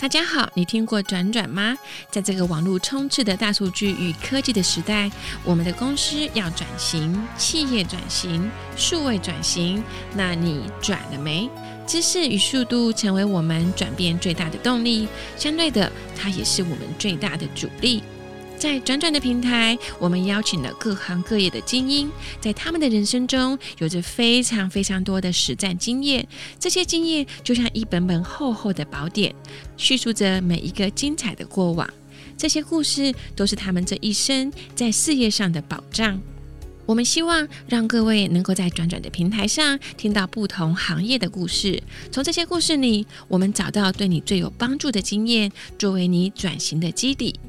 大家好，你聽過轉轉嗎？在這個網絡充斥的大數據與科技的時代，我們的公司要轉型，企業轉型，數位轉型，那你轉了沒？知識與速度成為我們轉變最大的動力，相對的，它也是我們最大的阻力。在轉轉的平台，我們邀請了各行各業的精英，在他們的人生中有着非常非常多的實戰經驗。這些經驗就像一本本厚厚的寶典，敘述着每一個精彩的過往。這些故事都是他們這一生在事業上的保障。我們希望讓各位能夠在轉轉的平台上聽到不同行業的故事，從這些故事裡，我們找到對你最有幫助的經驗，作為你轉型的基底。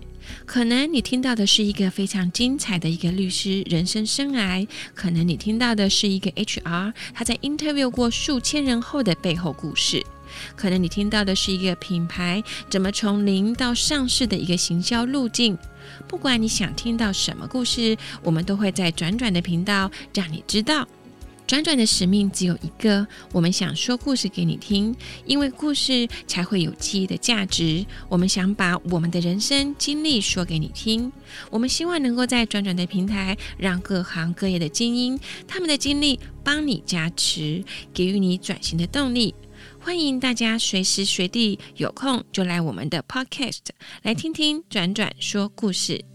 可能你聽到的是一個非常精彩的一個律師人生生涯，可能你聽到的是一個 HR 他在 interview 過數千人後的背後故事，可能你聽到的是一個品牌怎麼從零到上市的一個行銷路徑。不管你想聽到什麼故事，我們都會在轉轉的頻道讓你知道。轉轉的使命只有一個，我們想說故事給你聽，因為故事才會有記憶的價值。我們想把我們的人生經歷說給你聽，我們希望能夠在轉轉的平台，讓各行各業的精英，他們的經歷幫你加持，給予你轉型的動力。歡迎大家隨時隨地有空就來我們的 Podcast 來聽聽轉轉說故事。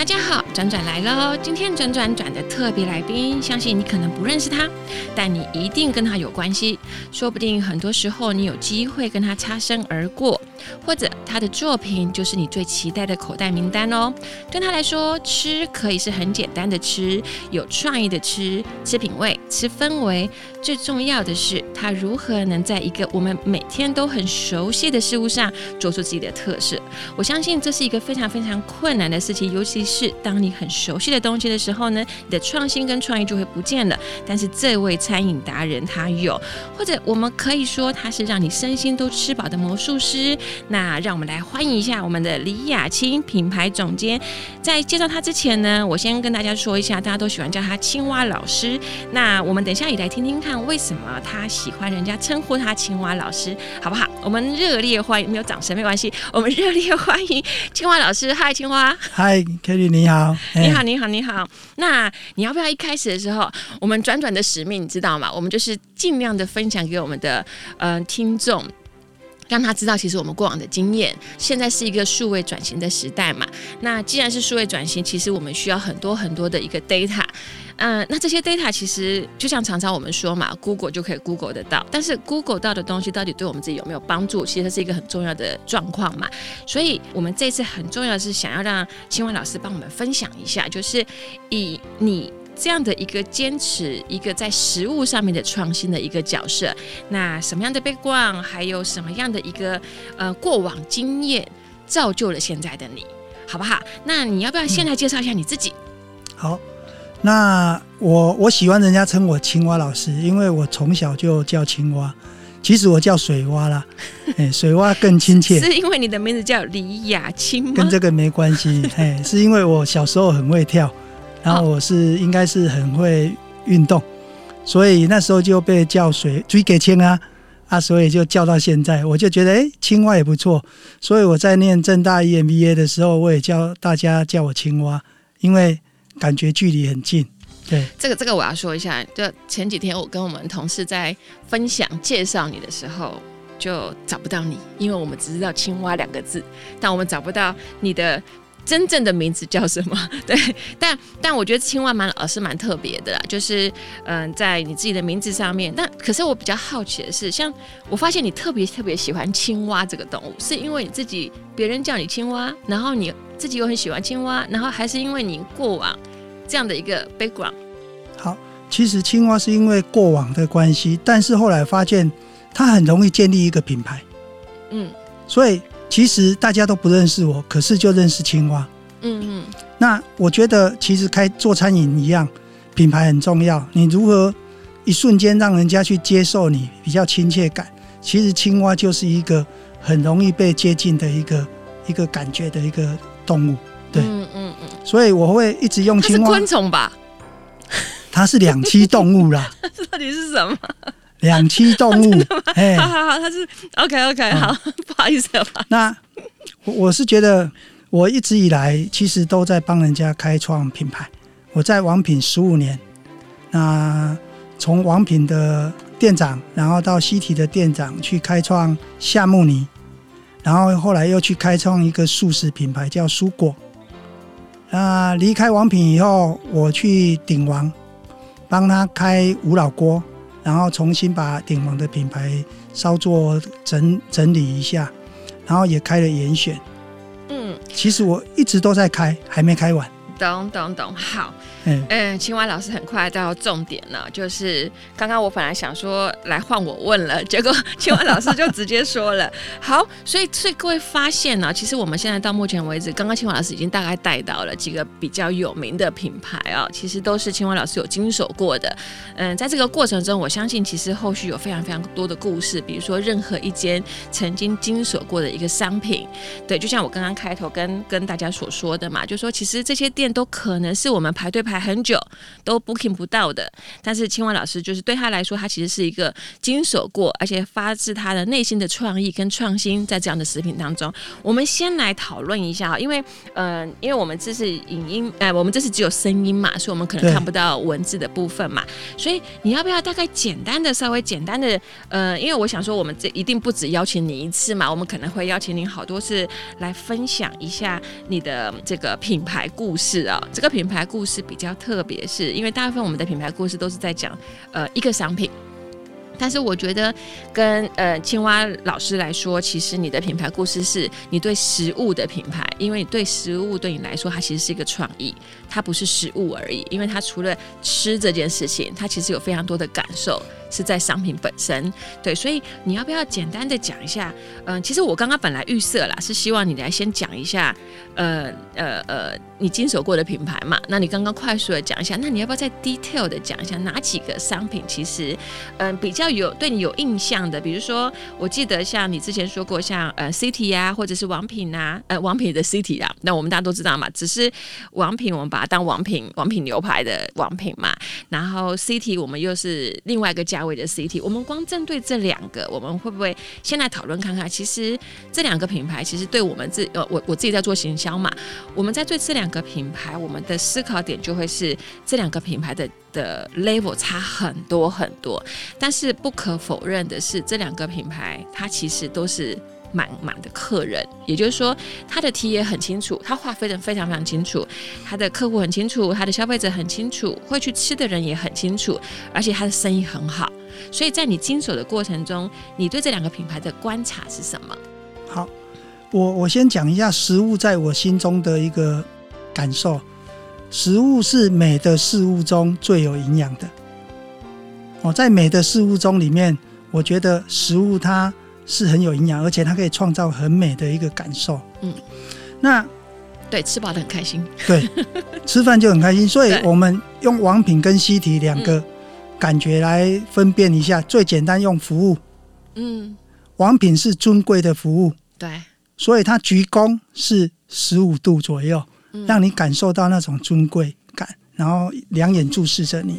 大家好，轉轉來嘍！今天轉轉轉的特別來賓，相信你可能不認識他，但你一定跟他有關係。說不定很多時候你有機會跟他擦身而過，或者他的作品就是你最期待的口袋名單哦。對他來說，吃可以是很簡單的吃，有創意的吃，吃品味，吃氛圍。最重要的是，他如何能在一個我們每天都很熟悉的事物上做出自己的特色？我相信這是一個非常非常困難的事情，尤其是。是，當你很熟悉的東西的時候呢，你的創新跟創意就會不見了。但是這位餐飲達人他有，或者我們可以說他是讓你身心都吃飽的魔術師。那讓我們來歡迎一下我們的李雅清品牌總監。在介紹他之前呢，我先跟大家說一下，大家都喜歡叫他青蛙老師。那我們等一下也來聽聽看，為什麼他喜歡人家稱呼他青蛙老師，好不好？我們熱烈歡迎，沒有掌聲沒關係，我們熱烈歡迎青蛙老師。嗨，青蛙，嗨，你好、欸，你好，你好，你好。那你要不要一開始的時候，我們轉轉的使命你知道嗎？我們就是盡量的分享給我們的嗯、呃、聽眾，讓他知道其實我們過往的經驗。現在是一個數位轉型的時代嘛，那既然是數位轉型，其實我們需要很多很多的一個 data。嗯、呃，那這些 data 其實就像常常我們說嘛，Google 就可以 Google 得到，但是 Google 到的東西到底對我們自己有沒有幫助，其實是一個很重要的狀況嘛。所以，我們這次很重要的是想要讓青蛙老師幫我們分享一下，就是以你這樣的一個堅持、一個在食物上面的創新的一個角色，那什麼樣的 background，還有什麼樣的一個呃過往經驗，造就了現在的你，好不好？那你要不要先來介紹一下你自己？嗯、好。那我我喜歡人家稱我青蛙老師，因為我從小就叫青蛙，其實我叫水蛙啦，誒、欸，水蛙更親切 是。是因為你的名字叫李雅清，跟這個沒關係，哎、欸，是因為我小時候很會跳，然後我是應該是很會運動、哦，所以那時候就被叫水水給青啊啊，所以就叫到現在，我就覺得哎、欸，青蛙也不錯，所以我在念政大 EMBA 的時候，我也叫大家叫我青蛙，因為。感覺距離很近，對這個這個我要說一下，就前幾天我跟我們同事在分享介紹你的時候，就找不到你，因為我們只知道“青蛙”兩個字，但我們找不到你的真正的名字叫什麼。對，但但我覺得“青蛙”蠻呃是蠻特別的啦，就是嗯、呃，在你自己的名字上面。那可是我比較好奇的是，像我發現你特別特別喜歡青蛙這個動物，是因為你自己別人叫你青蛙，然後你自己又很喜歡青蛙，然後還是因為你過往。這樣的一個 background，好，其實青蛙是因為過往的關係，但是後來發現它很容易建立一個品牌，嗯，所以其實大家都不認識我，可是就認識青蛙，嗯嗯，那我覺得其實開做餐飲一樣，品牌很重要，你如何一瞬間讓人家去接受你，比較親切感，其實青蛙就是一個很容易被接近的一個一個感覺的一個動物，對，嗯嗯。所以我會一直用青蛙，它是昆蟲吧？它是兩棲動物啦。 這到底是什麼？兩棲動物。哎、欸，好好好，它是 OK OK，、嗯、好，不好意思吧、嗯、那我我是覺得，我一直以來其實都在幫人家開創品牌。我在王品十五年，那從王品的店長，然後到西堤的店長，去開創夏慕尼，然後後來又去開創一個素食品牌，叫蔬果。那離開王品以後，我去鼎王，幫他開無老鍋，然後重新把鼎王的品牌稍作整整理一下，然後也開了嚴選。嗯，其實我一直都在開，還沒開完。懂懂懂，好。嗯，青蛙老師很快到重點了，啊，就是剛剛我本來想說，來換我問了，結果青蛙老師就直接說了。 好，所以所以各位發現呢，啊，其實我們現在到目前為止，剛剛青蛙老師已經大概帶到了幾個比較有名的品牌啊，其實都是青蛙老師有經手過的。嗯，在這個過程中，我相信其實後續有非常非常多的故事，比如說任何一間曾經經手過的一個商品，對，就像我剛剛開頭跟跟大家所說的嘛，就說其實這些店都可能是我們排隊排。排很久都 booking 不到的，但是青蛙老師就是對他來說，他其實是一個經手過，而且發自他的內心的創意跟創新在這樣的食品當中。我們先來討論一下，因為嗯、呃，因為我們這是影音，哎、呃，我們這是只有聲音嘛，所以我們可能看不到文字的部分嘛，所以你要不要大概簡單的稍微簡單的，呃，因為我想說，我們這一定不止邀請你一次嘛，我們可能會邀請你好多次來分享一下你的這個品牌故事啊、喔，這個品牌故事比。比較特別，是因為大部分我們的品牌故事都是在講，呃，一個商品。但是我覺得跟，跟呃青蛙老師來說，其實你的品牌故事是你對食物的品牌，因為你對食物對你來說，它其實是一個創意，它不是食物而已。因為它除了吃這件事情，它其實有非常多的感受。是在商品本身，對，所以你要不要簡單的講一下？嗯、呃，其實我剛剛本來預設啦，是希望你來先講一下，呃呃呃，你經手過的品牌嘛？那你剛剛快速的講一下，那你要不要再 detail 的講一下哪幾個商品其實，嗯、呃，比較有對你有印象的？比如說，我記得像你之前說過像，像呃西堤啊，或者是王品吶、啊，呃，王品的西堤啊，那我們大家都知道嘛，只是王品我們把它當王品，王品牛排的王品嘛，然後西堤我們又是另外一個價。的 CT，我們光針對這兩個，我們會不會先來討論看看？其實這兩個品牌，其實對我們自呃，我我自己在做行銷嘛，我們在對這兩個品牌，我們的思考點就會是這兩個品牌的的 level 差很多很多，但是不可否認的是，這兩個品牌它其實都是。滿滿的客人，也就是說，他的題也很清楚，他話非常非常非常清楚，他的客戶很清楚，他的消費者很清楚，會去吃的人也很清楚，而且他的生意很好。所以在你經手的過程中，你對這兩個品牌的觀察是什麼？好，我我先講一下食物在我心中的一個感受。食物是美的事物中最有營養的。哦，在美的事物中裡面，我覺得食物它。是很有營養，而且它可以創造很美的一個感受。嗯，那對吃飽的很開心，對， 吃飯就很開心。所以我們用王品跟西堤兩個感覺來分辨一下。最簡單用服務，嗯，王品是尊貴的服務，對、嗯，所以他鞠躬是十五度左右，讓你感受到那種尊貴感，然後兩眼注視着你。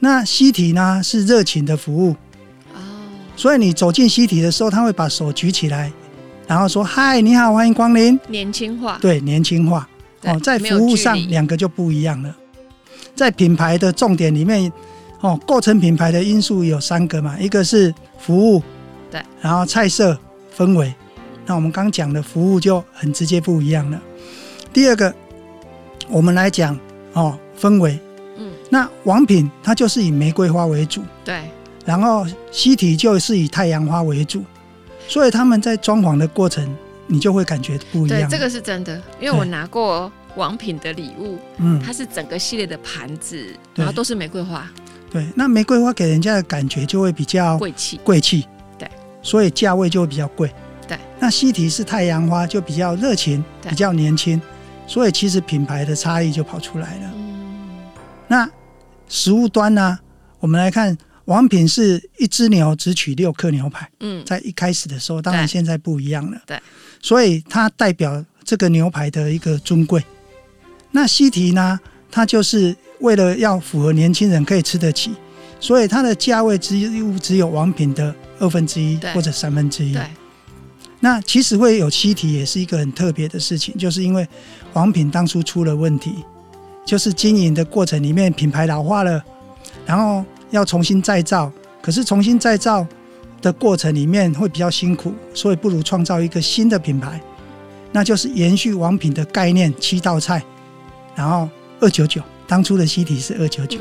那西堤呢是熱情的服務。所以你走進西堤的時候，他會把手舉起來，然後說：“嗨，你好，歡迎光臨。”年輕化，對，年輕化哦，在服務上兩 個就不一樣了。在品牌的重點裡面，哦，構成品牌的因素有三個嘛，一個是服務，對，然後菜色、氛圍。那我們剛講的服務就很直接不一樣了。第二個，我們來講哦氛圍。嗯，那王品它就是以玫瑰花為主，對。然後西堤就是以太陽花為主，所以他們在裝潢的過程，你就會感覺不一樣。對，這個是真的，因為我拿過王品的禮物，嗯，它是整個系列的盤子，嗯、然後都是玫瑰花，對。對，那玫瑰花給人家的感覺就會比較貴氣，貴氣。對，所以價位就會比較貴。對，那西堤是太陽花，就比較熱情，比較年輕，所以其實品牌的差異就跑出來了。嗯、那食物端呢、啊，我們來看。王品是一隻牛只取六客牛排，嗯，在一開始的時候，當然現在不一樣了，對，對所以它代表這個牛排的一個尊貴。那西堤呢，它就是為了要符合年輕人可以吃得起，所以它的價位只有只有王品的二分之一或者三分之一。對，那其實會有西堤也是一個很特別的事情，就是因為王品當初出了問題，就是經營的過程裡面品牌老化了，然後。要重新再造，可是重新再造的過程裡面會比較辛苦，所以不如創造一個新的品牌，那就是延續王品的概念，七道菜，然後二九九，當初的西堤是二九九，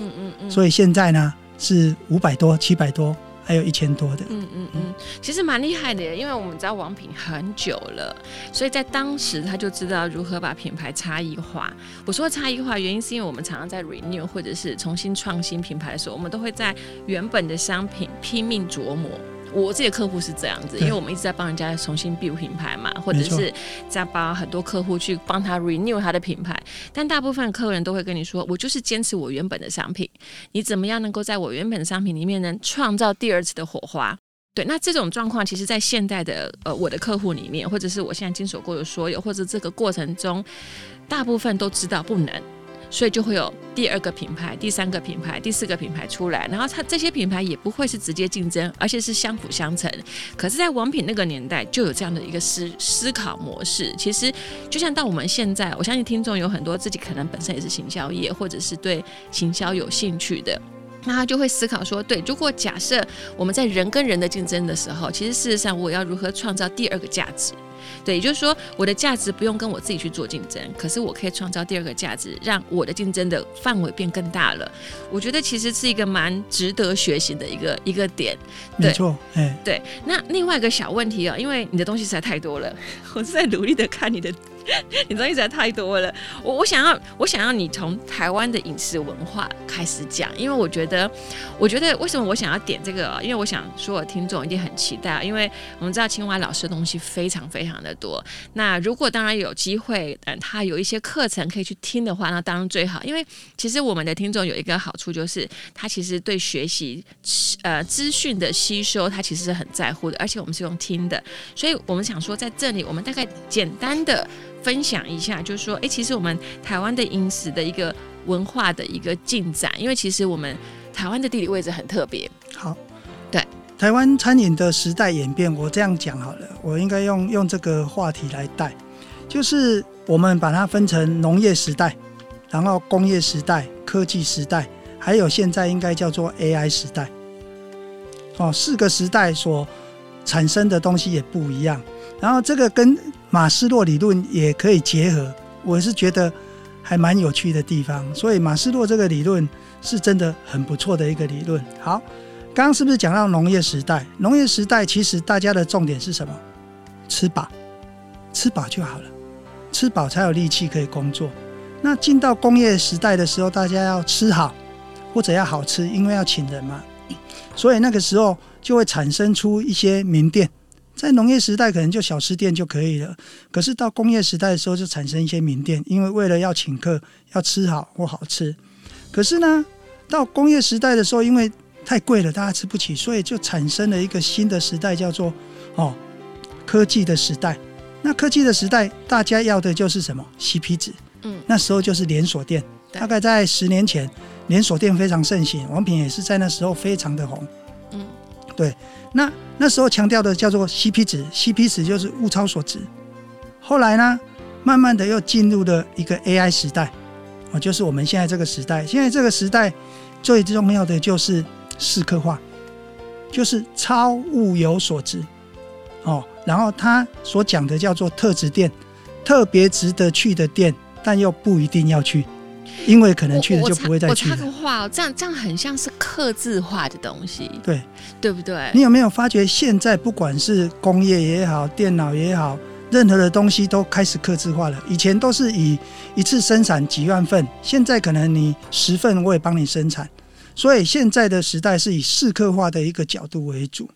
所以現在呢是五百多、七百多，還有一千多的，嗯嗯嗯，其實蠻厲害的，因為我們知道王品很久了，所以在當時他就知道如何把品牌差異化。我說差異化原因是因為我們常常在 renew 或者是重新創新品牌的時候，我們都會在原本的商品拼命琢磨。我自己的客戶是這樣子，因為我們一直在幫人家重新 build 品牌嘛，或者是在幫很多客戶去幫他 renew 他的品牌。但大部分客人都會跟你說，我就是堅持我原本的商品，你怎麼樣能夠在我原本的商品裡面能創造第二次的火花？對，那這種狀況，其實，在現在的呃我的客戶裡面，或者是我現在經手過的所有，或者這個過程中，大部分都知道不能。所以就會有第二個品牌、第三個品牌、第四個品牌出來，然後他這些品牌也不會是直接競爭，而且是相輔相成。可是，在王品那個年代就有這樣的一個思思考模式。其實，就像到我們現在，我相信聽眾有很多自己可能本身也是行銷業，或者是對行銷有興趣的，那他就會思考說：對，如果假設我們在人跟人的競爭的時候，其實事實上我要如何創造第二個價值？對，也就是說，我的價值不用跟我自己去做競爭，可是我可以創造第二個價值，讓我的競爭的範圍變更大了。我覺得其實是一個蠻值得學習的一個一個點。沒錯、欸，對。那另外一個小問題哦、喔，因為你的東西實在太多了，我是在努力的看你的。 你東西實在太多了，我我想要我想要你從台灣的飲食文化開始講，因為我覺得我覺得為什麼我想要點這個啊？因為我想說，我聽眾一定很期待啊，因為我們知道青蛙老師的東西非常非常的多。那如果當然有機會，嗯，他有一些課程可以去聽的話，那當然最好。因為其實我們的聽眾有一個好處，就是他其實對學習呃資訊的吸收，他其實是很在乎的，而且我們是用聽的，所以我們想說在這裡，我們大概簡單的。分享一下，就是說，哎、欸，其實我們台灣的飲食的一個文化的一個進展，因為其實我們台灣的地理位置很特別。好，對，台灣餐飲的時代演變，我這樣講好了，我應該用用這個話題來帶，就是我們把它分成農業時代，然後工業時代、科技時代，還有現在應該叫做 AI 時代，哦，四個時代所產生的東西也不一樣，然後這個跟。馬斯洛理論也可以結合，我是覺得還蠻有趣的地方。所以馬斯洛這個理論是真的很不錯的一個理論。好，剛剛是不是講到農業時代？農業時代其實大家的重點是什麼？吃飽，吃飽就好了，吃飽才有力氣可以工作。那進到工業時代的時候，大家要吃好，或者要好吃，因為要請人嘛。所以那個時候就會產生出一些名店。在農業時代，可能就小吃店就可以了。可是到工業時代的時候，就產生一些名店，因為為了要請客，要吃好或好吃。可是呢，到工業時代的時候，因為太貴了，大家吃不起，所以就產生了一個新的時代，叫做哦科技的時代。那科技的時代，大家要的就是什麼？CP 值。嗯，那時候就是連鎖店。大概在十年前，連鎖店非常盛行。王品也是在那時候非常的紅。對，那那時候強調的叫做 CP 值，CP 值就是物超所值。後來呢，慢慢的又進入了一個 AI 時代，哦，就是我們現在這個時代。現在這個時代最重要的就是適客化，就是超物有所值，哦。然後他所講的叫做特值店，特別值得去的店，但又不一定要去。因為可能去了就不會再去。我插個話，這樣這樣很像是客製化的東西，對對不對？你有沒有發覺現在不管是工業也好，電腦也好，任何的東西都開始客製化了。以前都是以一次生產幾萬份，現在可能你十份我也幫你生產。所以現在的時代是以適客化的一個角度為主。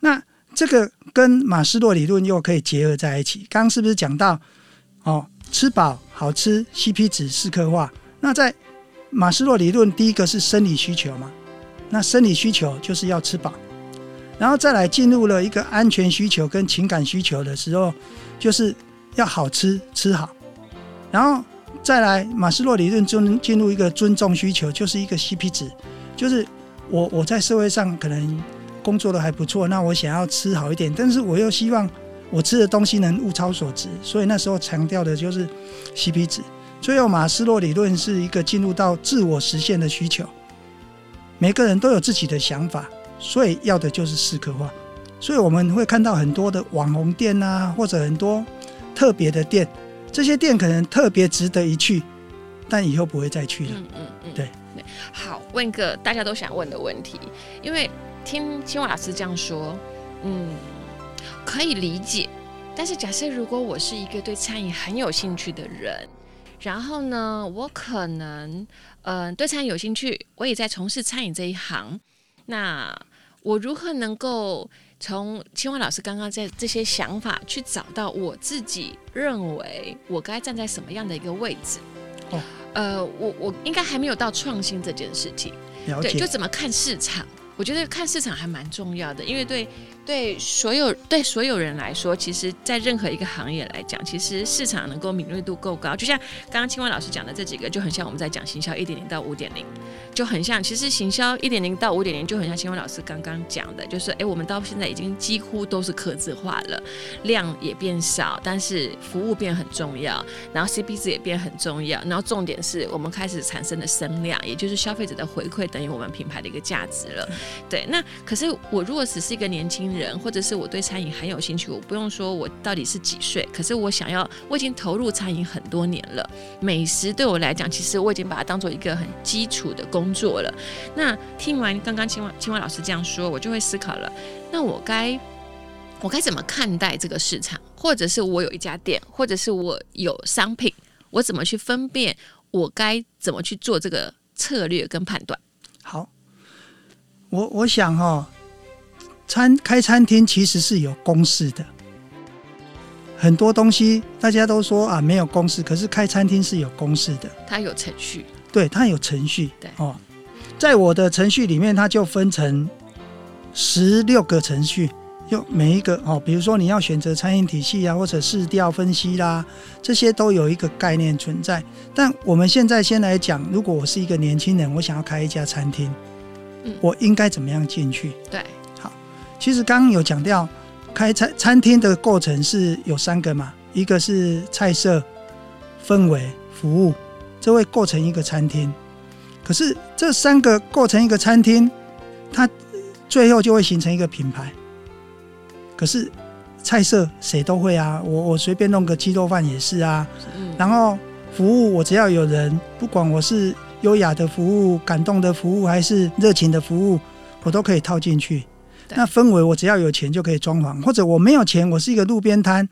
那這個跟馬斯洛理論又可以結合在一起。剛剛是不是講到哦？吃飽好吃，CP 值適客化。那在馬斯洛理論，第一個是生理需求嘛，那生理需求就是要吃飽，然後再來進入了一個安全需求跟情感需求的時候，就是要好吃吃好，然後再來馬斯洛理論就進入一個尊重需求，就是一個 CP 值，就是我我在社會上可能工作得還不錯，那我想要吃好一點，但是我又希望我吃的東西能物超所值，所以那時候強調的就是 CP 值。最後，馬斯洛理論是一個進入到自我實現的需求。每個人都有自己的想法，所以要的就是適刻化。所以我們會看到很多的網紅店啊，或者很多特別的店，這些店可能特別值得一去，但以後不會再去了。嗯嗯嗯，對，好，問一個大家都想問的問題，因為聽青蛙老師這樣說，嗯，可以理解。但是假設如果我是一個對餐飲很有興趣的人。然後呢，我可能，嗯、呃，對餐飲有興趣，我也在從事餐飲這一行。那我如何能夠從青蛙老師剛剛在這些想法去找到我自己認為我該站在什麼樣的一個位置？哦、oh.，呃，我我應該還沒有到創新這件事情，對，就怎麼看市場？我覺得看市場還蠻重要的，因為對。對所有對所有人來說，其實，在任何一個行業來講，其實市場能夠敏銳度夠高，就像剛剛青蛙老師講的這幾個，就很像我們在講行銷一點零到五點零，就很像。其實行銷一點零到五點零就很像青蛙老師剛剛講的，就是哎，我們到現在已經幾乎都是客製化了，量也變少，但是服務變很重要，然後 CP 值也變很重要，然後重點是我們開始產生的聲量，也就是消費者的回饋等於我們品牌的一個價值了。對，那可是我如果只是一個年輕人，人或者是我對餐飲很有興趣，我不用說我到底是幾歲，可是我想要，我已經投入餐飲很多年了。美食對我來講，其實我已經把它當做一個很基礎的工作了。那聽完剛剛青蛙青蛙老師這樣說，我就會思考了，那我該我該怎麼看待這個市場？或者是我有一家店，或者是我有商品，我怎麼去分辨，我該怎麼去做這個策略跟判斷？好，我我想哈、哦。餐開餐廳其實是有公式的，很多東西大家都說啊，沒有公式，可是開餐廳是有公式的。它有程序，對，它有程序。對哦，在我的程序裡面，它就分成十六個程序，就每一個哦，比如說你要選擇餐飲體系啊，或者市調分析啦、啊，這些都有一個概念存在。但我們現在先來講，如果我是一個年輕人，我想要開一家餐廳，嗯，我應該怎麼樣進去？對。其實剛剛有講到，開餐餐廳的過程是有三個嘛，一個是菜色、氛圍、服務，這會構成一個餐廳。可是這三個構成一個餐廳，它最後就會形成一個品牌。可是菜色誰都會啊，我我隨便弄個雞肉飯也是啊，嗯。然後服務我只要有人，不管我是優雅的服務、感動的服務，還是熱情的服務，我都可以套進去。那氛圍，我只要有錢就可以裝潢，或者我沒有錢，我是一個路邊攤，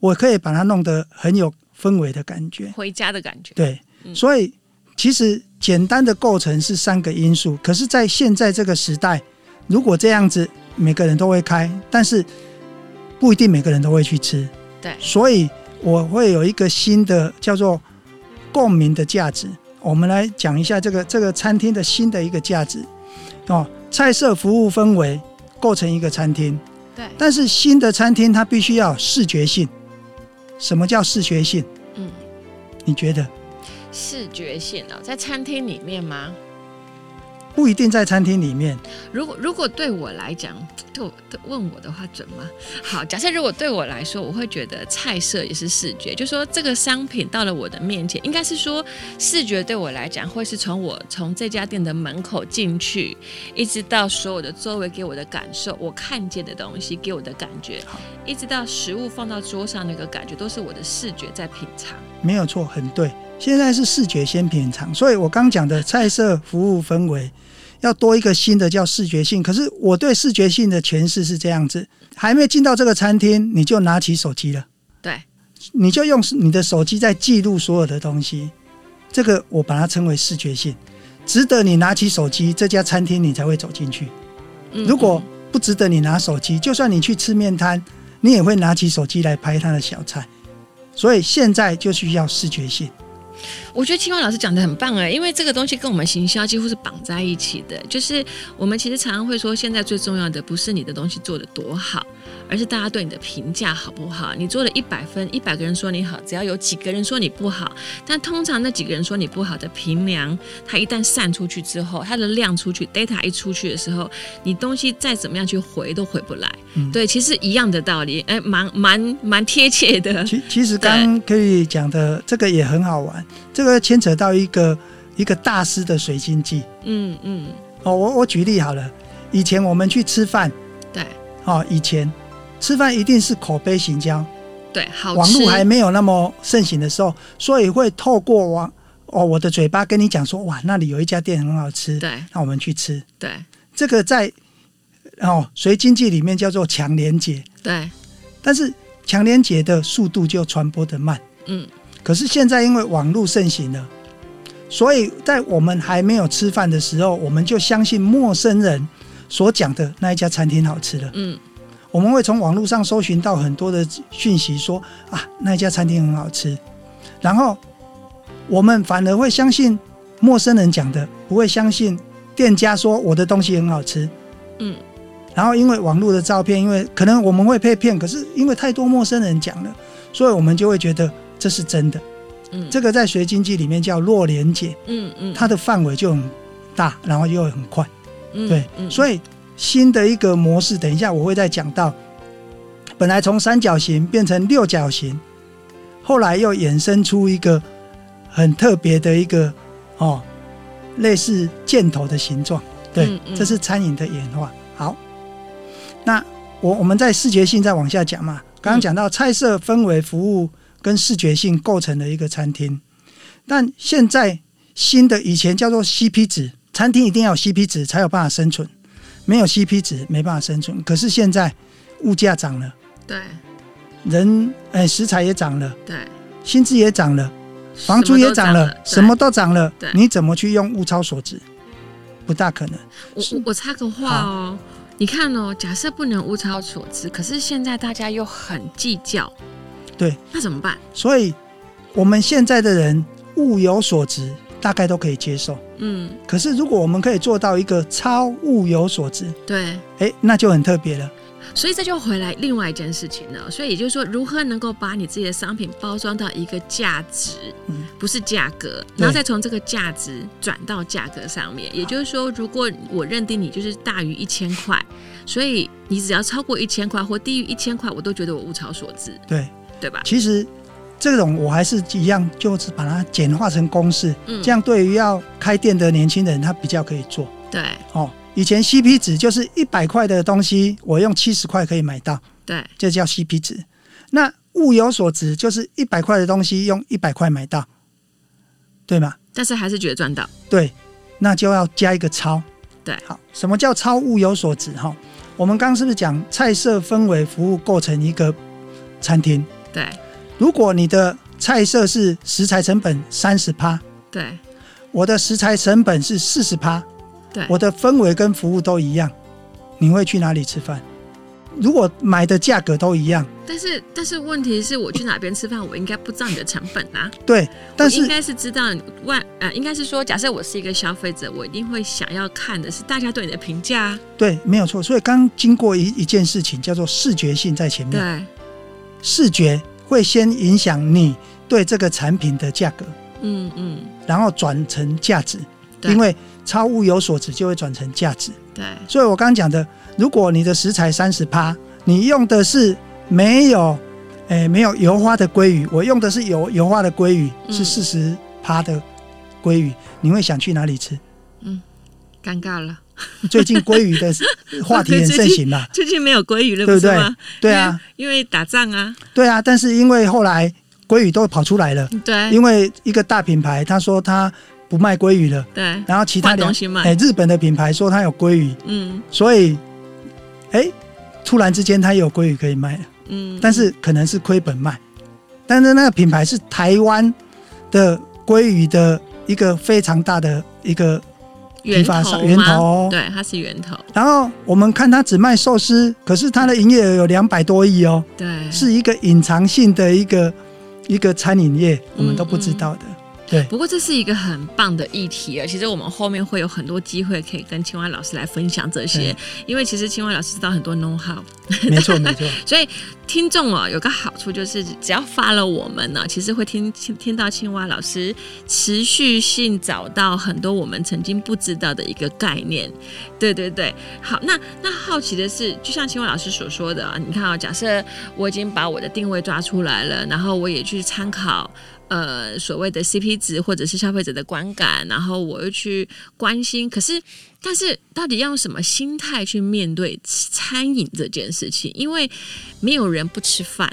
我可以把它弄得很有氛圍的感覺，回家的感覺。對、嗯，所以其實簡單的構成是三個因素，可是，在現在這個時代，如果這樣子，每個人都會開，但是不一定每個人都會去吃。對，所以我會有一個新的叫做共鳴的價值。我們來講一下這個這個餐廳的新的一個價值哦，菜色、服務氛、氛圍。構成一個餐廳，對。但是新的餐廳它必須要視覺性。什麼叫視覺性？嗯，你覺得？視覺性啊、喔，在餐廳裡面嗎？不一定在餐廳裡面。如果，如果對我來講，就問我的話準嗎？好，假設如果對我來說，我會覺得菜色也是視覺，就說這個商品到了我的面前，應該是說視覺對我來講會是從我從這家店的門口進去，一直到所有的周圍給我的感受，我看見的東西給我的感覺，一直到食物放到桌上那個感覺，都是我的視覺在品嘗。沒有錯，很對。現在是視覺先品嘗，所以我剛講的菜色、服務、氛圍。要多一個新的叫視覺性，可是我對視覺性的詮釋是這樣子：還沒進到這個餐廳，你就拿起手機了。對，你就用你的手機在記錄所有的東西。這個我把它稱為視覺性，值得你拿起手機，這家餐廳你才會走進去。嗯嗯。如果不值得你拿手機，就算你去吃麵攤，你也會拿起手機來拍他的小菜。所以現在就需要視覺性。我覺得青蛙老師講的很棒哎、欸，因為這個東西跟我們行銷幾乎是綁在一起的，就是我們其實常常會說，現在最重要的不是你的東西做得多好。而是大家對你的評價好不好？你做了一百分，一百個人說你好，只要有幾個人說你不好，但通常那幾個人說你不好的評量，它一旦散出去之後，它的量出去，data 一出去的時候，你東西再怎麼樣去回都回不來。嗯、對，其實一樣的道理，哎、欸，蠻蠻蠻貼切的。其其實剛剛可以講的這個也很好玩，這個牽扯到一個一個大師的水晶記。嗯嗯。哦，我我舉例好了，以前我們去吃飯。對。哦，以前。吃飯一定是口碑行銷，對，好吃，網絡還沒有那麼盛行的時候，所以會透過網哦，我的嘴巴跟你講說，哇，那裡有一家店很好吃，對，那我們去吃，對，這個在哦，隨經濟裡面叫做強連結，對，但是強連結的速度就傳播得慢，嗯，可是現在因為網絡盛行了，所以在我們還沒有吃飯的時候，我們就相信陌生人所講的那一家餐廳好吃了，嗯。我們會從網絡上搜尋到很多的訊息說，說啊那家餐廳很好吃，然後我們反而會相信陌生人講的，不會相信店家說我的東西很好吃，嗯，然後因為網絡的照片，因為可能我們會被騙，可是因為太多陌生人講了，所以我們就會覺得這是真的，嗯，這個在學經濟裡面叫弱連結，嗯嗯，它的範圍就很大，然後又很快，嗯嗯、對，所以。新的一個模式，等一下我會再講到。本來從三角形變成六角形，後來又衍生出一個很特別的一個哦，類似箭頭的形狀。對嗯嗯，這是餐飲的演化。好，那我我們在視覺性再往下講嘛。剛剛講到菜色、氛圍、服務跟視覺性構成的一個餐廳，嗯、但現在新的以前叫做 CP 值，餐廳一定要有 CP 值才有辦法生存。沒有 CP 值，沒辦法生存。可是現在物價漲了，對，人哎、欸、食材也漲了，對，薪資也漲了，了，房租也漲了，什麼都漲了，對，你怎麼去用物超所值？不大可能。我我插個話哦，你看哦，假設不能物超所值，可是現在大家又很計較，對，那怎麼辦？所以我們現在的人物有所值。大概都可以接受，嗯。可是如果我們可以做到一個超物有所值，對，哎、欸，那就很特別了。所以這就回來另外一件事情了。所以也就是說，如何能夠把你自己的商品包裝到一個價值，嗯，不是價格，然後再從這個價值轉到價格上面。也就是說，如果我認定你就是大於一千塊，所以你只要超過一千塊或低於一千塊，我都覺得我物超所值，對，對吧？其實。這種我還是一樣，就是把它簡化成公式。嗯。這樣對於要開店的年輕人，他比較可以做。對。哦，以前 CP 值就是一百塊的東西，我用七十塊可以買到。對。這叫 CP 值。那物有所值就是一百塊的東西用一百塊買到，對嗎？但是還是覺得賺到。對。那就要加一個超。對。好，什麼叫超物有所值？哈，我們剛剛是不是講菜色、氛圍、服務構成一個餐廳？對。如果你的菜色是食材成本三十趴，對，我的食材成本是四十趴，對，我的氛圍跟服務都一樣，你會去哪裡吃飯？如果買的價格都一樣，但是但是問題是我去哪邊吃飯，我應該不知道你的成本啊。對，但是應該是知道萬啊、呃，應該是說，假設我是一個消費者，我一定會想要看的是大家對你的評價啊。對，沒有錯。所以剛經過一一件事情叫做視覺性在前面，對，視覺。會先影響你對這個產品的價格，嗯嗯，然後轉成價值，因為超物有所值就會轉成價值。對，所以我剛剛講的，如果你的食材三十趴，你用的是沒有，誒沒有油花的鮭魚，我用的是油油花的鮭魚，是四十趴的鮭魚，嗯，你會想去哪裡吃？嗯，尷尬了。 最近鮭魚的話題很盛行嘛，最近沒有鮭魚了，對不對？對啊，因為打仗啊。對啊，但是因為後來鮭魚都跑出來了。對，因為一個大品牌他說他不賣鮭魚了。對，然後其他東西賣，哎，日本的品牌說他有鮭魚，嗯，所以哎，突然之間他有鮭魚可以賣了，嗯，但是可能是虧本賣，但是那個品牌是台灣的鮭魚的一個非常大的一個。批發商源頭喔，對，它是源頭。然後我們看它只賣壽司，可是它的營業額有兩百多億哦喔，對，是一個隱藏性的一個一個餐飲業，嗯嗯，我們都不知道的。對，不過這是一個很棒的議題啊！其實我們後面會有很多機會可以跟青蛙老師來分享這些，因為其實青蛙老師知道很多 know how，沒錯沒錯。 所以聽眾啊、哦，有個好處就是，只要 follow 我們呢、哦，其實會聽聽，聽到青蛙老師持續性找到很多我們曾經不知道的一個概念。對對對，好，那那好奇的是，就像青蛙老師所說的，你看啊、哦，假設我已經把我的定位抓出來了，然後我也去參考。呃，所謂的 CP 值或者是消費者的觀感，然後我又去關心，可是，但是到底要用什麼心態去面對餐飲這件事情？因為沒有人不吃飯，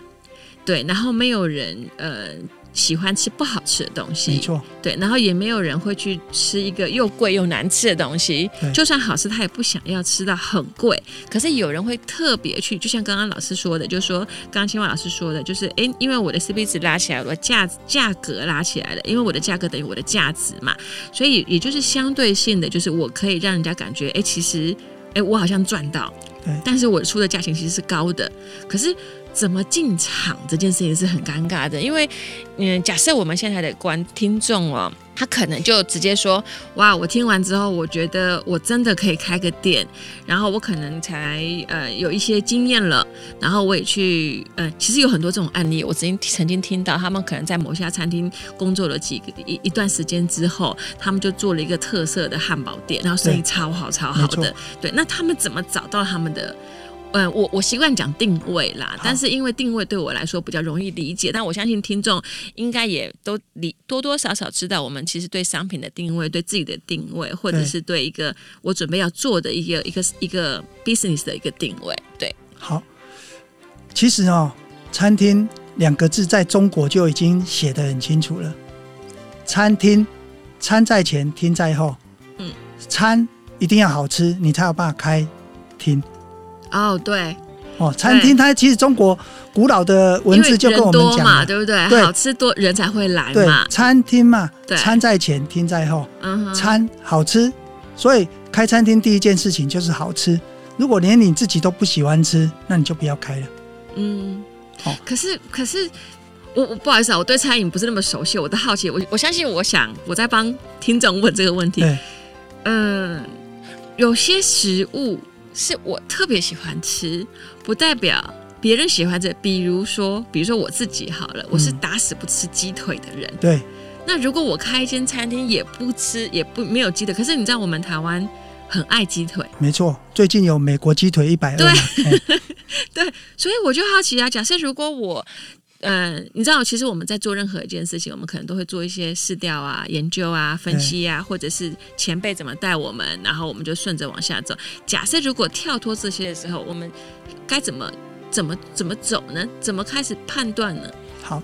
對，然後沒有人呃。喜歡吃不好吃的東西，沒錯，對，然後也沒有人會去吃一個又貴又難吃的東西。就算好吃，他也不想要吃到很貴。可是有人會特別去，就像剛剛老師說的，就是說，剛剛青蛙老師說的，就是哎，因為我的 CP 值拉起來了，我價價格拉起來了，因為我的價格等於我的價值嘛，所以也就是相對性的，就是我可以讓人家感覺，哎，其實，哎，我好像賺到，對，但是我出的價錢其實是高的，可是。怎麼進場這件事情是很尷尬的，因為嗯、呃，假設我們現在的觀聽眾哦，他可能就直接說，哇，我聽完之後，我覺得我真的可以開個店，然後我可能才呃有一些經驗了，然後我也去，嗯、呃，其實有很多這種案例，我曾經曾經聽到他們可能在某家餐廳工作了幾個一一段時間之後，他們就做了一個特色的漢堡店，然後生意超好超好的。對，對，那他們怎麼找到他們的？嗯，我我習慣講定位啦，但是因為定位對我來說比較容易理解，但我相信聽眾應該也都理多多少少知道我們其實對商品的定位，對自己的定位，或者是對一個我準備要做的一個一個一個 business 的一個定位。對，好，其實哦，餐廳兩個字在中國就已經寫得很清楚了，餐廳，餐在前，廳在後，嗯，餐一定要好吃，你才有辦法開廳。哦，oh，對，哦，餐廳它其實中國古老的文字就跟我們講嘛，對不對？對，好吃，多人才會來嘛，對對，餐廳嘛，對，餐在前，廳在後，uh -huh. 餐好吃，所以開餐廳第一件事情就是好吃。如果連你自己都不喜歡吃，那你就不要開了。嗯，好，哦，可是可是我我不好意思啊，我對餐飲不是那麼熟悉，我的好奇，我我相信我，我想我在幫聽眾問這個問題。嗯、呃，有些食物。是我特別喜歡吃，不代表別人喜歡的，比如說，比如說我自己好了，我是打死不吃雞腿的人，嗯。對，那如果我開一間餐廳，也不吃，也不沒有雞腿。可是你知道，我們台灣很愛雞腿。沒錯，最近有美國雞腿一百。對，哎、 對，所以我就好奇啊。假設如果我嗯，你知道，其實我們在做任何一件事情，我們可能都會做一些市調啊、研究啊、分析啊，或者是前輩怎麼帶我們，然後我們就順着往下走。假設如果跳脫這些的時候，我們該怎麼、怎麼、怎麼走呢？怎麼開始判斷呢？好，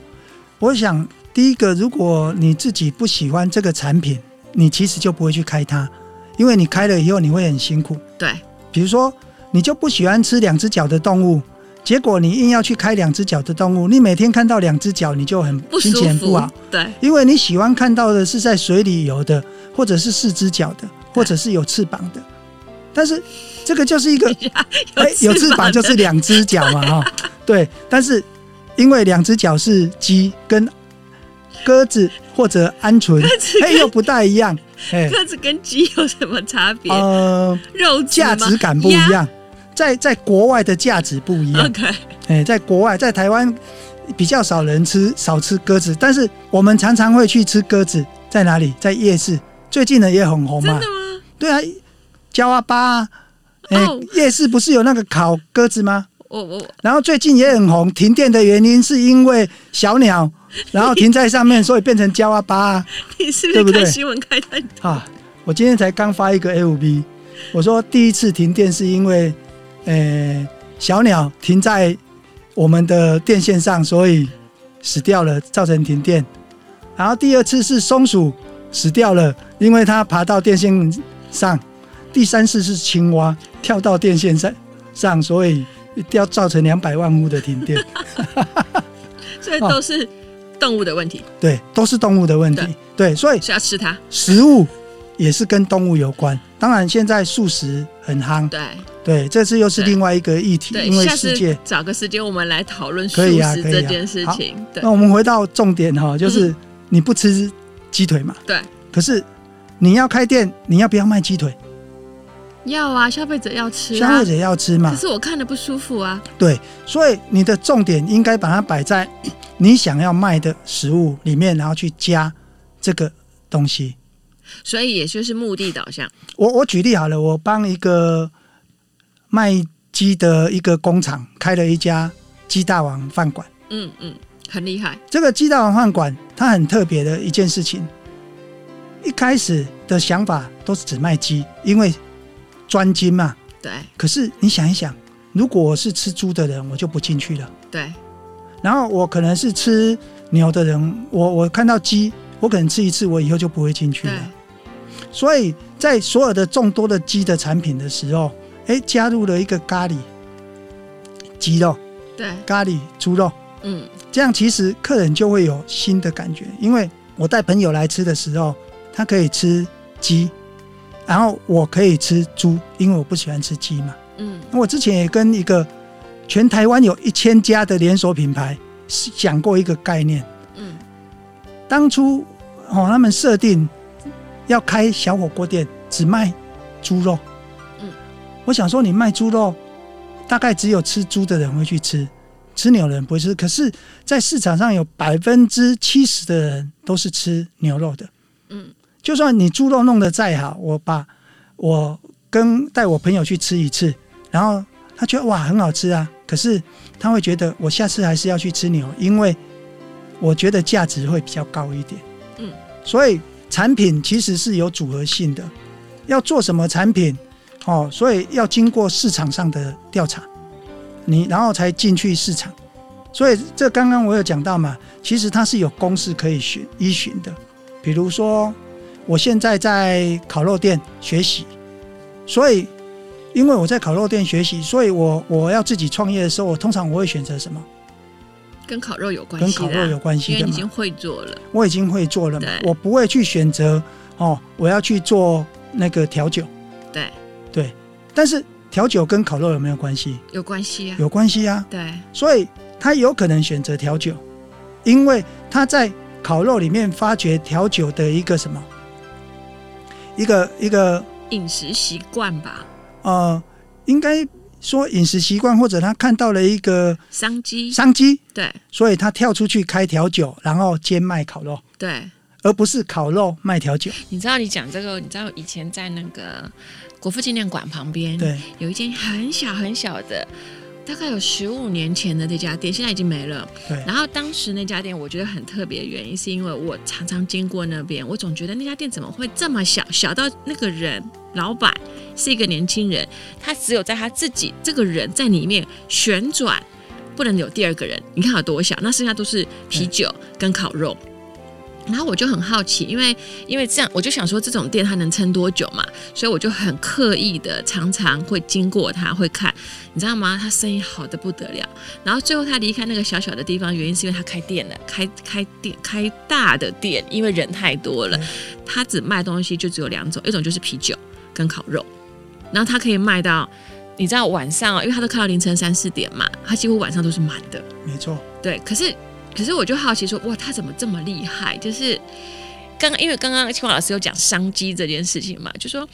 我想第一個，如果你自己不喜歡這個產品，你其實就不會去開它，因為你開了以後你會很辛苦。對，比如說你就不喜歡吃兩隻腳的動物。結果你硬要去開兩隻腳的動物，你每天看到兩隻腳你就很心情很不好，不舒服。對，因為你喜歡看到的是在水裡游的，或者是四隻腳的，或者是有翅膀的。但是這個就是一個，有翅膀，有翅膀就是兩隻腳嘛，哈、啊哦。對，但是因為兩隻腳是雞跟，雞跟鴿,雞鴿子或者鵪鶉，哎，又不大一樣。鴿子跟雞有什麼差別？呃，肉質價值感不一樣。在在國外的價值不一樣。哎、okay. 欸，在國外，在台灣比較少人吃，少吃鴿子。但是我們常常會去吃鴿子，在哪裡？在夜市。最近呢也很紅嘛、啊？對啊，焦阿巴、啊。哎、欸，oh. 夜市不是有那個烤鴿子嗎？Oh. 然後最近也很紅。停電的原因是因為小鳥，然後停在上面，所以變成焦阿巴、啊。你是,不是對不對？新聞開太早啊！我今天才剛發一個 FB，我說第一次停電是因為。欸、小鳥停在我們的電線上，所以死掉了，造成停電。然後第二次是松鼠死掉了，因為它爬到電線上。第三次是青蛙跳到電線上，所以一定要造成兩百萬戶的停電。這 都是動物的問題、哦，對，都是動物的問題，對，對所以是要吃它食物。也是跟動物有關，當然現在素食很夯。對對，這次又是另外一個議題，因為世界找個時間我們來討論素食這件事情。可以啊，可以啊。那我們回到重點哈，就是你不吃雞腿嘛？對、嗯。可是你要開店，你要不要賣雞腿？要啊，消費者要吃啊，消費者要吃嘛。可是我看着不舒服啊。對，所以你的重點應該把它擺在你想要賣的食物裡面，然後去加這個東西。所以也就是目的導向。我我舉例好了，我幫一個賣雞的一個工廠開了一家雞大王飯館。嗯嗯，很厲害。這個雞大王飯館它，很特別的一件事情，一開始的想法都是只賣雞，因為專精嘛。對。可是你想一想，如果我是吃豬的人，我就不進去了。對。然後我可能是吃牛的人，我我看到雞，我可能吃一次，我以後就不會進去了。所以在所有的眾多的雞的產品的時候，哎、欸，加入了一個咖喱雞肉，對，咖喱豬肉，嗯，這樣其實客人就會有新的感覺，因為我帶朋友來吃的時候，他可以吃雞，然後我可以吃豬，因為我不喜歡吃雞嘛，嗯，那我之前也跟一個全台灣有一千家的連鎖品牌講過一個概念，嗯，當初哦，他們設定。要開小火鍋店，只賣豬肉。嗯，我想說，你賣豬肉，大概只有吃豬的人會去吃，吃牛人不會吃。可是，在市場上有百分之七十的人都是吃牛肉的。嗯，就算你豬肉弄得再好，我把我跟帶我朋友去吃一次，然後他覺得哇很好吃啊，可是他會覺得我下次還是要去吃牛，因為我覺得價值會比較高一點。嗯，所以。產品其實是有組合性的，要做什麼產品，哦？所以要經過市場上的調查，你然後才進去市場。所以這剛剛我有講到嘛，其實它是有公式可以循依循的。比如說，我現在在烤肉店學習，所以因為我在烤肉店學習，所以我我要自己創業的時候，我通常我會選擇什麼？跟烤肉有關係、啊，跟烤肉有關係的嘛，因為你已經會做了。我已經會做了，我不會去選擇哦，我要去做那個調酒。對對，但是調酒跟烤肉有沒有關係？有關係啊，有關係啊。對，所以他有可能選擇調酒，因為他在烤肉裡面發掘調酒的一個什麼，一個一個飲食習慣吧。呃，應該。說飲食習慣，或者他看到了一個商機，商機對，所以他跳出去開調酒，然後兼賣烤肉，對，而不是烤肉賣調酒。你知道，你講這個，你知道以前在那個國父紀念館旁邊，對，有一間很小很小的，大概有十五年前的這家店，現在已經沒了。對，然後當時那家店我覺得很特別的原因，是因為我常常經過那邊，我總覺得那家店怎麼會這麼小，小到那個人，老闆是一個年輕人，他只有在他自己這個人在裡面旋轉，不能有第二個人。你看有多小，那剩下都是啤酒跟烤肉。嗯、然後我就很好奇，因為因為這樣，我就想說這種店它能撐多久嘛？所以我就很刻意的常常會經過它，會看，你知道嗎？他生意好得不得了。然後最後他離開那個小小的地方，原因是因為他開店了，開開店開大的店，因為人太多了、嗯，他只賣東西就只有兩種，一種就是啤酒。跟烤肉，然後他可以賣到，你知道晚上哦，因為他都開到凌晨三四點嘛，他幾乎晚上都是滿的。沒錯，對。可是，可是我就好奇說，哇，他怎麼這麼厲害？就是剛剛，因為剛剛青蛙老師有講商機這件事情嘛，就是說。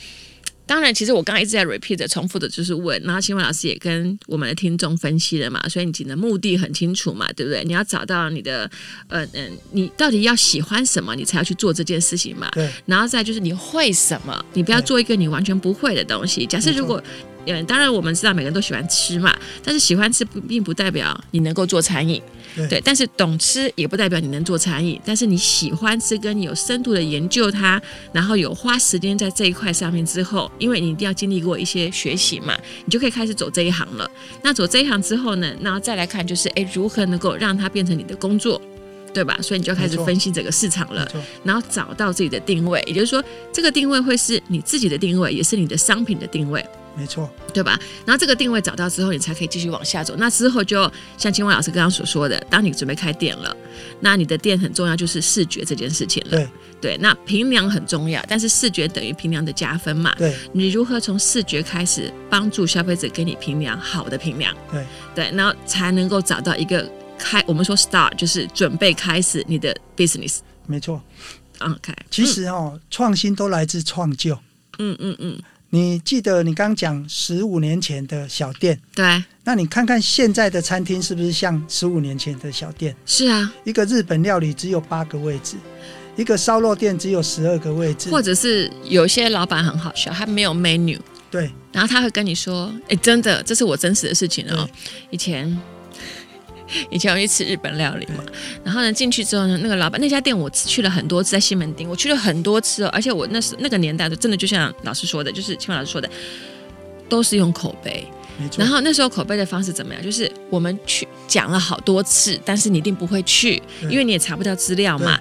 當然，其實我剛剛一直在 repeat 重複的，就是問，然後新聞老師也跟我們的聽眾分析了嘛，所以你的目的很清楚嘛，對不對？你要找到你的，呃，嗯、呃，你到底要喜歡什麼，你才要去做這件事情嘛。對，然後再就是你會什麼，你不要做一個你完全不會的東西。假設如果。嗯，當然我們知道，每個人都喜歡吃嘛，但是喜歡吃不並不代表你能夠做餐飲對，對。但是懂吃也不代表你能做餐飲，但是你喜歡吃跟你有深度的研究它，然後有花時間在這一塊上面之後，因為你一定要經歷過一些學習嘛，你就可以開始走這一行了。那走這一行之後呢，那再來看就是，哎，如何能夠讓它變成你的工作，對吧？所以你就要開始分析整個市場了，然後找到自己的定位，也就是說，這個定位會是你自己的定位，也是你的商品的定位。沒錯，對吧？然後這個定位找到之後，你才可以繼續往下走。那之後就像青蛙老師剛剛所說的，當你準備開店了，那你的店很重要，就是視覺這件事情了。對,對那評量很重要，但是視覺等於評量的加分嘛？對，你如何從視覺開始幫助消費者給你評量好的評量？對對，然後才能夠找到一個開，我們說 start 就是準備開始你的 business。沒錯，OK。其實哦，創、嗯、新都來自創舊。嗯嗯嗯。嗯你記得你剛講十五年前的小店，對，那你看看現在的餐廳是不是像十五年前的小店？是啊，一個日本料理只有八個位置，一個燒肉店只有十二個位置，或者是有些老闆很好笑，他沒有 menu，對，然後他會跟你說：“哎，真的，這是我真實的事情啊，以前。”以前我去吃日本料理嘛，然後呢，進去之後呢，那個老闆那家店我去了很多次，在西門町，我去了很多次哦，而且我那時那個年代真的就像老師說的，就是青蛙老師說的，都是用口碑。然後那時候口碑的方式怎麼樣？就是我們去講了好多次，但是你一定不會去，因為你也查不到資料嘛。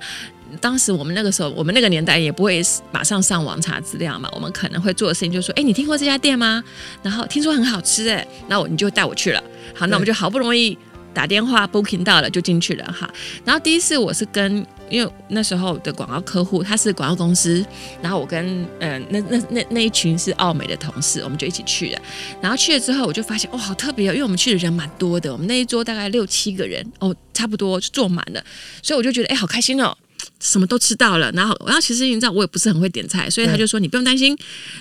當時我們那個時候，我們那個年代也不會馬上上網查資料嘛。我們可能會做的事情就是說，哎，你聽過這家店嗎？然後聽說很好吃，誒，那我你就帶我去了。好，那我們就好不容易。打電話 booking 到了就進去了哈，然後第一次我是跟，因為那時候的廣告客戶他是廣告公司，然後我跟嗯、呃、那那那那一群是奧美的同事，我們就一起去了，然後去了之後我就發現哦好特別哦，因為我們去的人蠻多的，我們那一桌大概六七個人哦差不多就坐滿了，所以我就覺得哎好開心哦。什麼都吃到了，然後我要，其實你知道我也不是很會點菜，所以他就說、嗯、你不用擔心，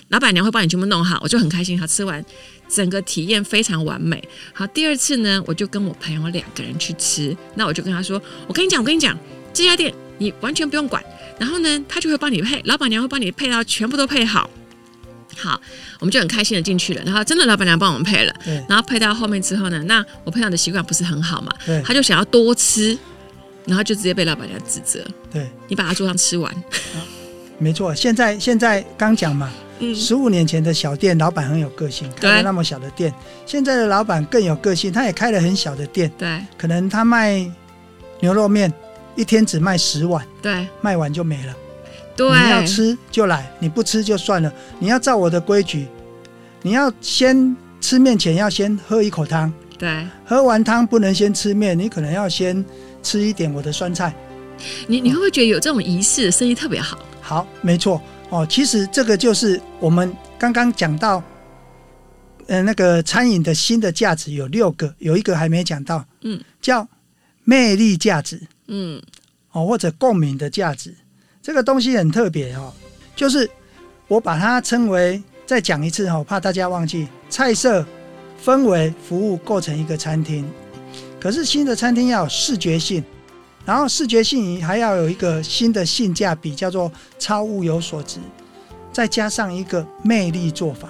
老闆娘會幫你全部弄好，我就很開心。好，吃完整個體驗非常完美。好，第二次呢，我就跟我朋友兩個人去吃，那我就跟他說，我跟你講，我跟你講，這家店你完全不用管，然後呢，他就會幫你配，老闆娘會幫你配到全部都配好。好，我們就很開心的進去了，然後真的老闆娘幫我們配了，嗯、然後配到後面之後呢，那我朋友的習慣不是很好嘛，嗯、他就想要多吃。然後就直接被老板娘指責。對，你把它桌上吃完。啊，沒錯，現在現在剛講嘛，嗯，十五年前的小店老板很有個性，對，開那麼小的店。現在的老板更有個性，他也開了很小的店。對，可能他賣牛肉麵，一天只賣十碗，對，賣完就沒了。對，你要吃就來，你不吃就算了。你要照我的規矩，你要先吃面前要先喝一口湯。對，喝完湯不能先吃麵，你可能要先。吃一點我的酸菜，你你會不會覺得有這種儀式，生意特別好，哦？好，沒錯哦。其實這個就是我們剛剛講到，呃，那個餐飲的新的價值有六個，有一個還沒講到，嗯，叫魅力價值，嗯，哦，或者共鳴的價值，這個東西很特別哦，就是我把它稱為，再講一次哦，怕大家忘記，菜色、氛圍、服務構成一個餐廳。可是新的餐廳要有視覺性，然後視覺性還要有一個新的性價比，叫做超物有所值，再加上一個魅力做法，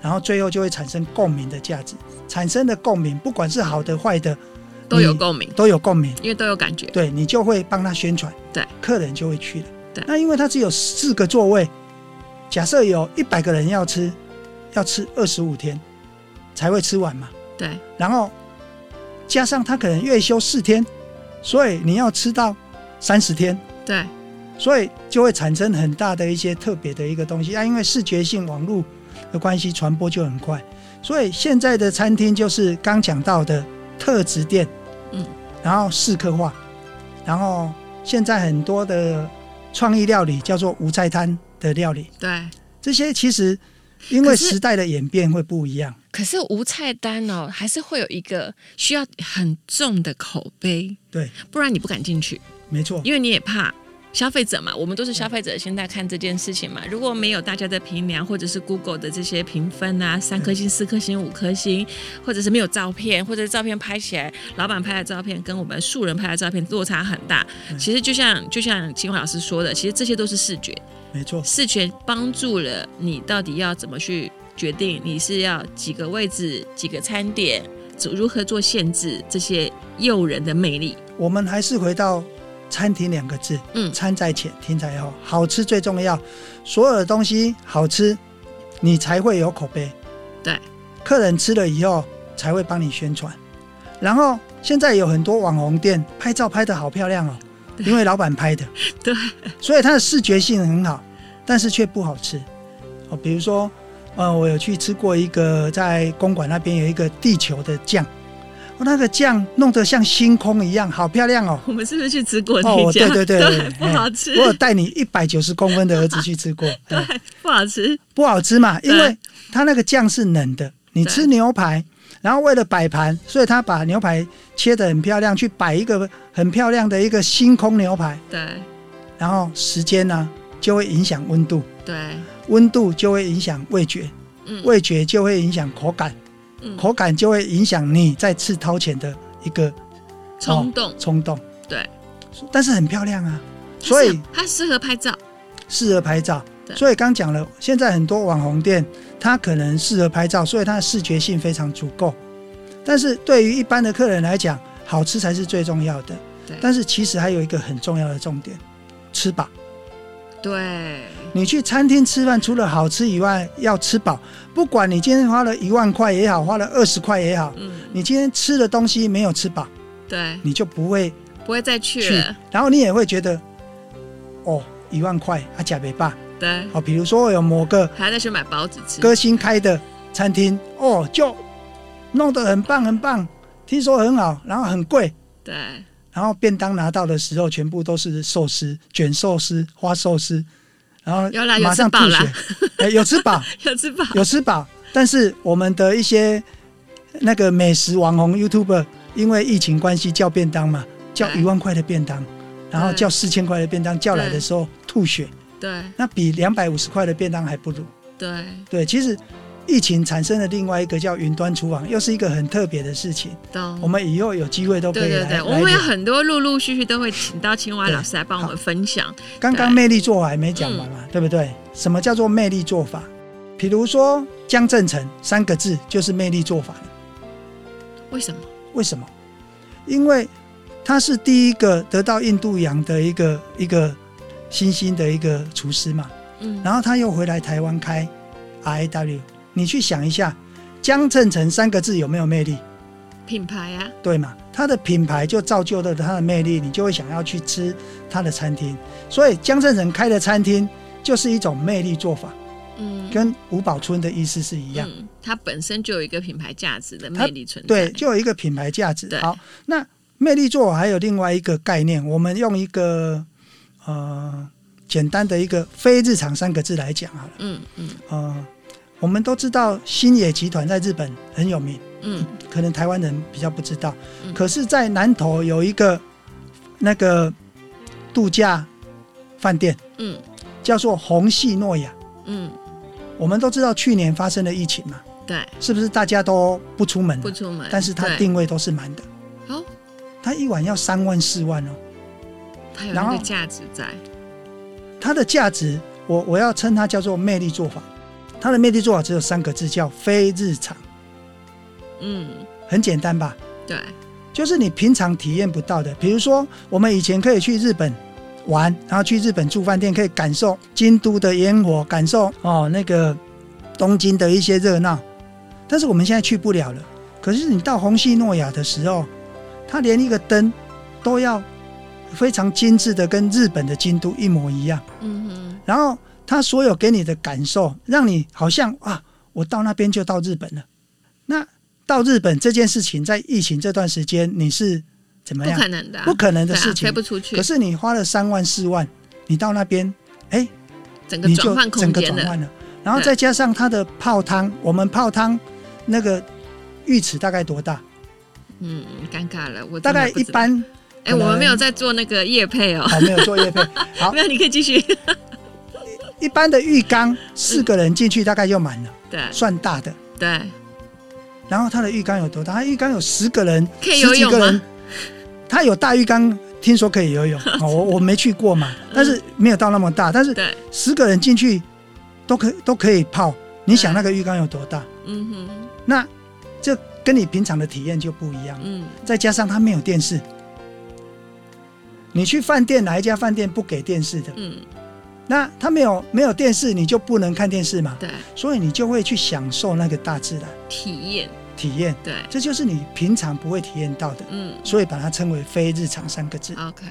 然後最後就會產生共鳴的價值。產生的共鳴，不管是好的壞的，都有共鳴，都有共鳴，因為都有感覺。對，你就會幫他宣傳，對，客人就會去了。對，那因為他只有四個座位，假設有一百個人要吃，要吃二十五天才會吃完嘛。對，然後。加上他可能月休四天，所以你要吃到三十天，對，所以就會產生很大的一些特別的一個東西啊。因為視覺性網絡的關係，傳播就很快，所以現在的餐廳就是剛講到的特值店，嗯，然後適客化，然後現在很多的創意料理叫做無菜單的料理，對，這些其實因為時代的演變會不一樣。可是無菜單哦，還是會有一個需要很重的口碑，對，不然你不敢進去，沒錯，因為你也怕消費者嘛。我們都是消費者，現在看這件事情嘛，如果沒有大家的評量，或者是 Google 的這些評分啊，三顆星、四顆星、五顆星，或者是沒有照片，或者是照片拍起來，老板拍的照片跟我們素人拍的照片落差很大。其實就像就像青蛙老師說的，其實這些都是視覺，沒錯，視覺幫助了你到底要怎麼去。決定你是要幾個位置，幾個餐點，如何做限制這些誘人的魅力。我們還是回到“餐廳”兩個字。嗯，餐在前，廳在後，好吃最重要。所有的東西好吃，你才會有口碑。對，客人吃了以後才會幫你宣傳。然後現在有很多網紅店拍照拍得好漂亮哦，喔，因為老闆拍的。對，所以它的視覺性很好，但是卻不好吃。哦，喔，比如說。呃，我有去吃過一個在公館那邊有一個地球的醬、哦，那個醬弄得像星空一樣，好漂亮哦。我們是不是去吃過？哦，對對對，對，對，不好吃。我有帶你一百九十公分的兒子去吃過，對，不好吃、嗯，不好吃嘛，因為他那個醬是冷的，你吃牛排，然後為了擺盤，所以他把牛排切得很漂亮，去擺一個很漂亮的一個星空牛排，對，然後時間呢、啊、就會影響溫度，對。溫度就會影響味覺、嗯，味覺就會影響口感、嗯，口感就會影響你再次掏錢的一個衝動、哦。衝動，對。但是很漂亮啊，所以它適合拍照，適合拍照。所以剛講了，現在很多網紅店它可能適合拍照，所以它的視覺性非常足夠。但是對於一般的客人來講，好吃才是最重要的。但是其實還有一個很重要的重點，吃飽。對。你去餐廳吃飯，除了好吃以外，要吃飽。不管你今天花了一萬塊也好，花了二十塊也好，嗯，你今天吃的東西沒有吃飽，對，你就不會不會再去了。然後你也會覺得，哦，一萬塊啊，假沒吧。對，好，哦，比如說有某個還在去買包子吃，歌星開的餐廳，哦，就弄得很棒很棒，聽說很好，然後很貴，對。然後便當拿到的時候，全部都是壽司、卷壽司、花壽司，然後馬上吐血。有，有，吃，飽、 欸、有吃飽？有吃飽？有吃飽？ 但是我們的一些那個美食網紅 YouTuber 因為疫情關係叫便當嘛，叫一萬塊的便當，然後叫四千塊的便當，叫來的時候吐血。對，對，那比兩百五十塊的便當還不如。對，對，其實。疫情產生的另外一個叫雲端廚房，又是一個很特別的事情。我們以後有機會都可以來。對對對，我們有很多陸陸續續都會請到青蛙老師來幫我們分享。剛剛魅力做法還沒講完嘛、嗯，對不對？什麼叫做魅力做法？比如說江振誠三個字就是魅力做法。為什麼？為什麼？因為他是第一個得到印度洋的一個一個新興的一個廚師嘛。嗯。然後他又回來台灣開 RAW。你去想一下，“江振誠”三個字有沒有魅力？品牌啊，對嘛？它的品牌就造就了它的魅力，你就會想要去吃它的餐廳。所以，江振誠開的餐廳就是一種魅力做法。嗯，跟吳寶春的意思是一樣。嗯，它本身就有一個品牌價值的魅力存在它。對，就有一個品牌價值。好，那魅力做法還有另外一個概念，我們用一個呃簡單的一個非日常三個字來講好了。嗯嗯呃我們都知道星野集團在日本很有名，嗯，嗯可能台灣人比較不知道，嗯，可是，在南投有一個那個度假飯店，嗯，叫做虹夕諾雅，嗯，我們都知道去年發生了疫情嘛，對、嗯，是不是大家都不出門、啊，不出門，但是它訂位都是滿的，哦，它一晚要三萬四萬哦，它有它的價值在，它的價值，我我要稱它叫做魅力做法。它的魅力做法只有三個字，叫非日常。嗯，很簡單吧？對，就是你平常體驗不到的。比如說，我們以前可以去日本玩，然後去日本住飯店，可以感受京都的煙火，感受哦那個東京的一些熱鬧。但是我們現在去不了了。可是你到虹夕諾雅的時候，它連一個燈都要非常精緻的，跟日本的京都一模一樣。嗯嗯，然後。他所有給你的感受，讓你好像啊，我到那邊就到日本了。那到日本這件事情，在疫情這段時間，你是怎麼樣？不可能的、啊，不可能的事情，啊、推不出去，可是你花了三萬四萬，你到那邊，哎、欸，整個轉換空間了，你就整個轉換了。然後再加上他的泡湯，我們泡湯那個浴池大概多大？嗯，尷尬了，我大概一般。哎、欸，我們沒有在做那個業配、喔、哦，還沒有做業配。好， 沒有，你可以繼續。一般的浴缸、嗯、四個人進去大概就滿了，對、嗯，算大的，對。然後他的浴缸有多大？他浴缸有十個人，可以游泳嗎？十幾個人，他有大浴缸，聽說可以游泳， 哦、我我沒去過嘛、嗯，但是沒有到那麼大，但是十個人進去都可都可以泡。你想那個浴缸有多大？嗯哼，那這跟你平常的體驗就不一樣。嗯，再加上他沒有電視，你去飯店哪一家飯店不給電視的？嗯。那他沒有沒有電視，你就不能看電視嘛？對，所以你就會去享受那個大自然體驗，體驗，對，這就是你平常不會體驗到的，嗯，所以把它稱為非日常三個字。OK，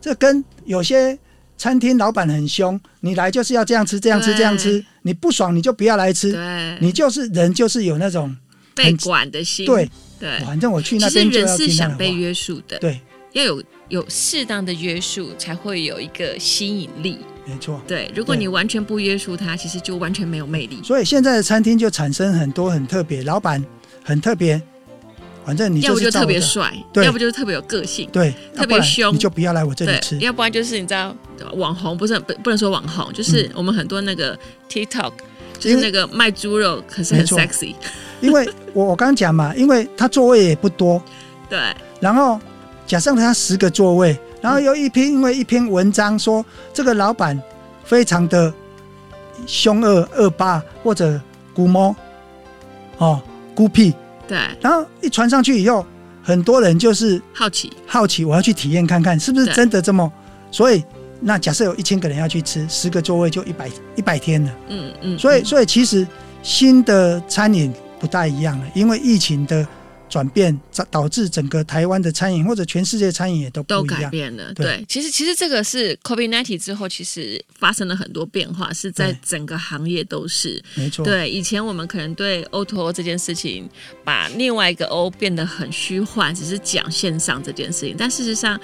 這跟有些餐廳老闆很凶，你來就是要這樣吃，這樣吃，這樣吃，你不爽你就不要來吃，對你就是人就是有那種被管的心，對、對、對，反正我去那邊其實人是想被約束的，對，要有有適當的約束才會有一個吸引力。沒錯，對，如果你完全不約束他，其實就完全沒有魅力。所以現在的餐廳就產生很多很特別，老闆很特別，反正你要不就特別帥，要不就特別有個性，對，特別凶，不你就不要來我這裡吃。要不然就是你知道網紅，不是不不能說網紅，就是我們很多那個 TikTok，嗯，就是那個賣豬肉，可是很 sexy。因為我我剛剛講嘛， 因為他座位也不多，對，然後假設他十個座位。然後有一篇，因為一篇文章說這個老闆非常的兇惡、惡霸或者孤貓哦，孤僻。對。然後一傳上去以後，很多人就是好奇，好奇我要去體驗看看是不是真的這麼。所以那假設有一千個人要去吃，十個座位就一百一百天了。嗯嗯。所以所以其實新的餐飲不太一樣了，因為疫情的。轉變導致整個台灣的餐飲或者全世界的餐飲也都都改變了。對，對其實其實這個是 COVID-19 之後，其實發生了很多變化，是在整個行業都是沒錯。對，以前我們可能對 O to O 這件事情，把另外一個 O 變得很虛幻，只是講線上這件事情。但事實上，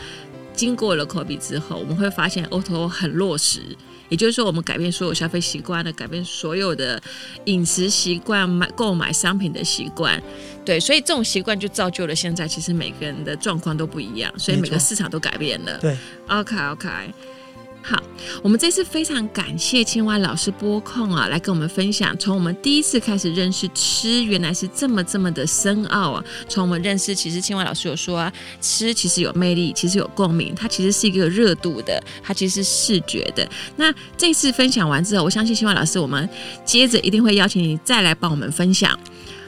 經過了 COVID 之後，我們會發現 O to O 很落實。也就是說，我們改變所有消費習慣的，改變所有的飲食習慣、買購買商品的習慣，對，所以這種習慣就造就了現在，其實每個人的狀況都不一樣，所以每個市場都改變了。對，OK，OK。Okay, okay. 好，我們這次非常感謝青蛙老師播控啊，來跟我們分享。從我們第一次開始認識吃，原來是這麼這麼的深奧啊。從我們認識，其實青蛙老師有說啊，吃其實有魅力，其實有共鳴，它其實是一個有熱度的，它其實是視覺的。那這次分享完之後，我相信青蛙老師，我們接着一定會邀請你再來幫我們分享。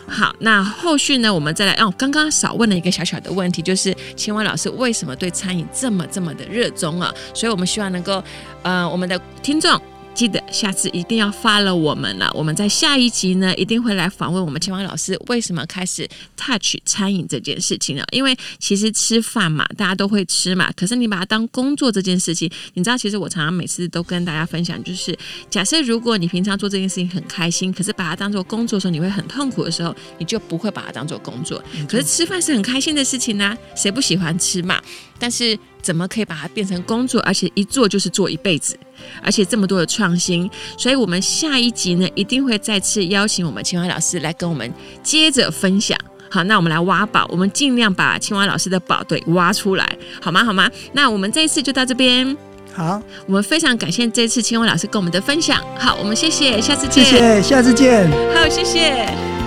好，那後續呢？我們再來，哦，剛剛少問了一個小小的問題，就是青蛙老師為什麼對餐飲這麼這麼的熱衷啊？所以我們希望能夠，呃，我們的聽眾。記得下次一定要 follow 我們了。我們在下一集呢，一定會來訪問我們青蛙老師，為什麼開始 touch 餐飲這件事情呢？因為其實吃飯嘛，大家都會吃嘛。可是你把它當工作這件事情，你知道，其實我常常每次都跟大家分享，就是假設如果你平常做這件事情很開心，可是把它當做工作的時候，你會很痛苦的時候，你就不會把它當做工作，嗯。可是吃飯是很開心的事情呢、啊，誰不喜歡吃嘛？但是。怎麼可以把它變成工作，而且一做就是做一輩子，而且這麼多的創新，所以我們下一集呢，一定會再次邀請我們青蛙老師來跟我們接着分享。好，那我們來挖寶，我們儘量把青蛙老師的寶對挖出來，好嗎？好嗎？那我們這一次就到這邊。好，我們非常感謝這次青蛙老師跟我們的分享。好，我們謝謝，下次見，謝謝，下次見。好，謝謝。